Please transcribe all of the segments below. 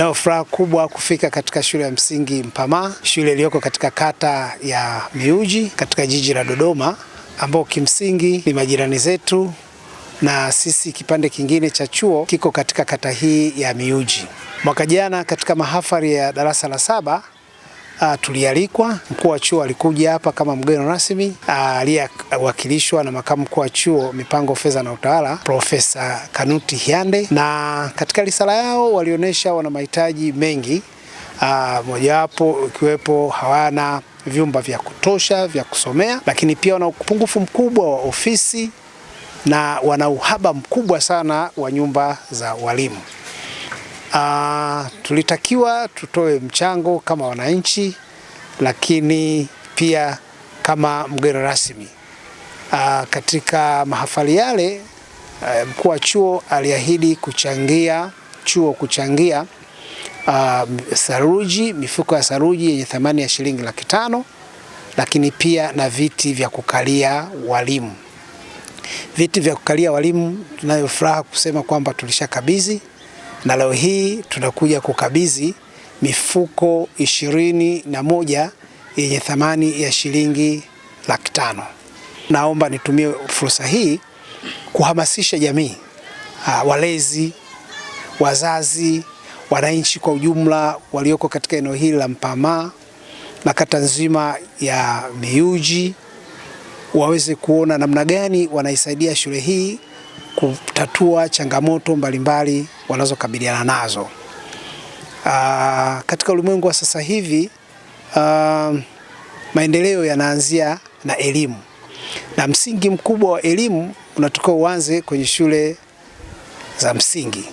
na furaha kubwa kufika katika shule ya msingi Mpamaa, shule iliyoko katika kata ya Miuji katika jiji la Dodoma, ambao kimsingi ni majirani zetu na sisi kipande kingine cha chuo kiko katika kata hii ya Miuji. Mwaka jana katika mahafali ya darasa la saba uh, tulialikwa. Mkuu wa chuo alikuja hapa kama mgeni rasmi uh, aliyewakilishwa na makamu mkuu wa chuo mipango, fedha na utawala, Profesa Kanuti Hyande, na katika risala yao walionyesha wana mahitaji mengi uh, mojawapo ikiwepo hawana vyumba vya kutosha vya kusomea, lakini pia wana upungufu mkubwa wa ofisi na wana uhaba mkubwa sana wa nyumba za walimu. Uh, tulitakiwa tutoe mchango kama wananchi, lakini pia kama mgeni rasmi. Uh, katika mahafali yale uh, mkuu wa chuo aliahidi kuchangia chuo kuchangia uh, saruji, mifuko ya saruji yenye thamani ya shilingi laki tano, lakini pia na viti vya kukalia walimu. Viti vya kukalia walimu, tunayo furaha kusema kwamba tulishakabidhi na leo hii tunakuja kukabidhi mifuko ishirini na moja yenye thamani ya shilingi laki tano. Naomba nitumie fursa hii kuhamasisha jamii, ah, walezi, wazazi, wananchi kwa ujumla walioko katika eneo hili la Mpamaa na kata nzima ya Miyuji waweze kuona namna gani wanaisaidia shule hii kutatua changamoto mbalimbali wanazokabiliana nazo. Aa, ah, katika ulimwengu wa sasa hivi aa, ah, maendeleo yanaanzia na elimu na msingi mkubwa wa elimu unatoka uanze kwenye shule za msingi.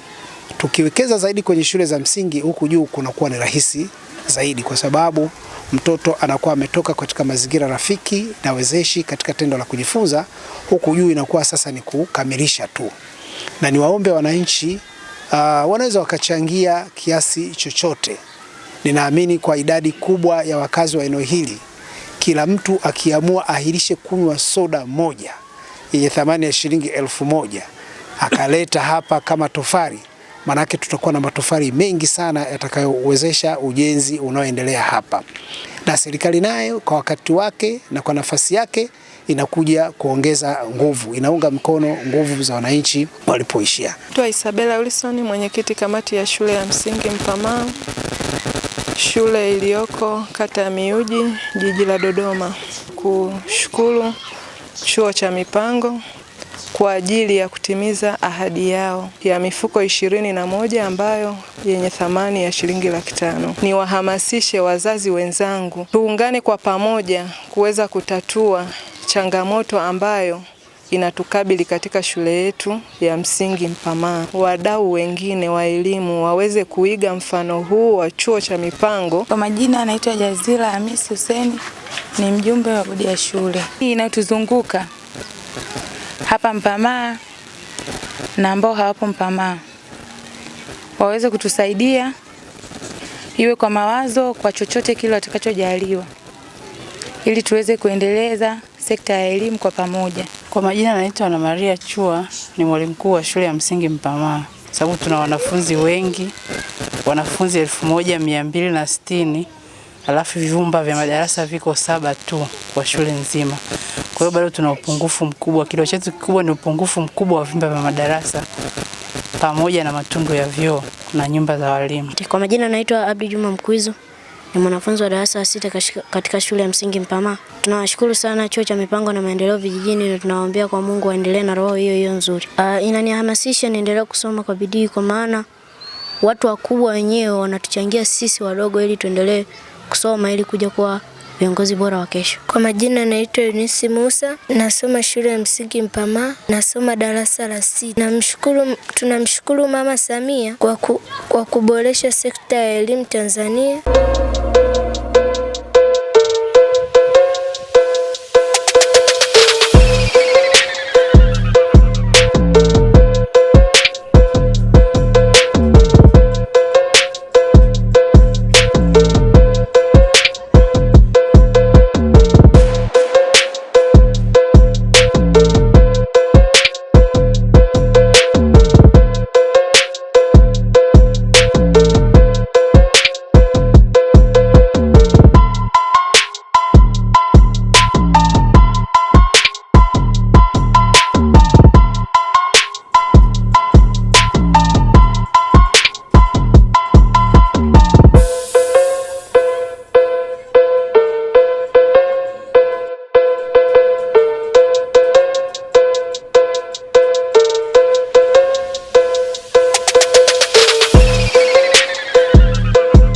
Tukiwekeza zaidi kwenye shule za msingi, huku juu kunakuwa ni rahisi zaidi, kwa sababu mtoto anakuwa ametoka katika mazingira rafiki na wezeshi katika tendo la kujifunza, huku juu inakuwa sasa ni kukamilisha tu. Na niwaombe wananchi uh, wanaweza wakachangia kiasi chochote. Ninaamini kwa idadi kubwa ya wakazi wa eneo hili, kila mtu akiamua ahirishe kunywa soda moja yenye thamani ya shilingi elfu moja akaleta hapa kama tofari manake tutakuwa na matofali mengi sana yatakayowezesha ujenzi unaoendelea hapa, na serikali nayo kwa wakati wake na kwa nafasi yake inakuja kuongeza nguvu, inaunga mkono nguvu za wananchi walipoishia. Naitwa Isabella Wilson, mwenyekiti kamati ya shule ya msingi mpamao shule iliyoko kata ya Miyuji, jiji la Dodoma, kushukuru chuo cha mipango kwa ajili ya kutimiza ahadi yao ya mifuko ishirini na moja ambayo yenye thamani ya shilingi laki tano. Niwahamasishe wazazi wenzangu, tuungane kwa pamoja kuweza kutatua changamoto ambayo inatukabili katika shule yetu ya msingi Mpamaa. Wadau wengine wa elimu waweze kuiga mfano huu wa chuo cha mipango. Kwa majina anaitwa Jazira Hamisi Huseni, ni mjumbe wa bodi ya shule hii inayotuzunguka hapa Mpamaa na ambao hawapo Mpamaa waweze kutusaidia, iwe kwa mawazo, kwa chochote kile watakachojaliwa, ili tuweze kuendeleza sekta ya elimu kwa pamoja. Kwa majina naitwa Ana Maria Chua, ni mwalimu mkuu wa shule ya msingi Mpamaa, sababu tuna wanafunzi wengi, wanafunzi elfu moja mia mbili na sitini alafu vyumba vya madarasa viko saba tu kwa shule nzima. Kwa hiyo bado tuna upungufu mkubwa. Kilio chetu kikubwa ni upungufu mkubwa wa vyumba vya madarasa pamoja na matundu ya vyoo na nyumba za walimu. Kwa majina naitwa Abdi Juma Mkwizu, ni mwanafunzi wa darasa la sita katika shule ya msingi Mpama. Tunawashukuru sana Chuo cha Mipango na Maendeleo Vijijini na tunawaombea kwa Mungu waendelee na roho hiyo hiyo nzuri. Uh, inanihamasisha niendelee kusoma kwa bidii, kwa maana watu wakubwa wenyewe wanatuchangia sisi wadogo ili tuendelee kusoma ili kuja kuwa viongozi bora wa kesho. Kwa majina naitwa Yunisi Musa, nasoma shule ya msingi Mpamaa, nasoma darasa la sita. Namshukuru, tunamshukuru Mama Samia kwa, ku, kwa kuboresha sekta ya elimu Tanzania.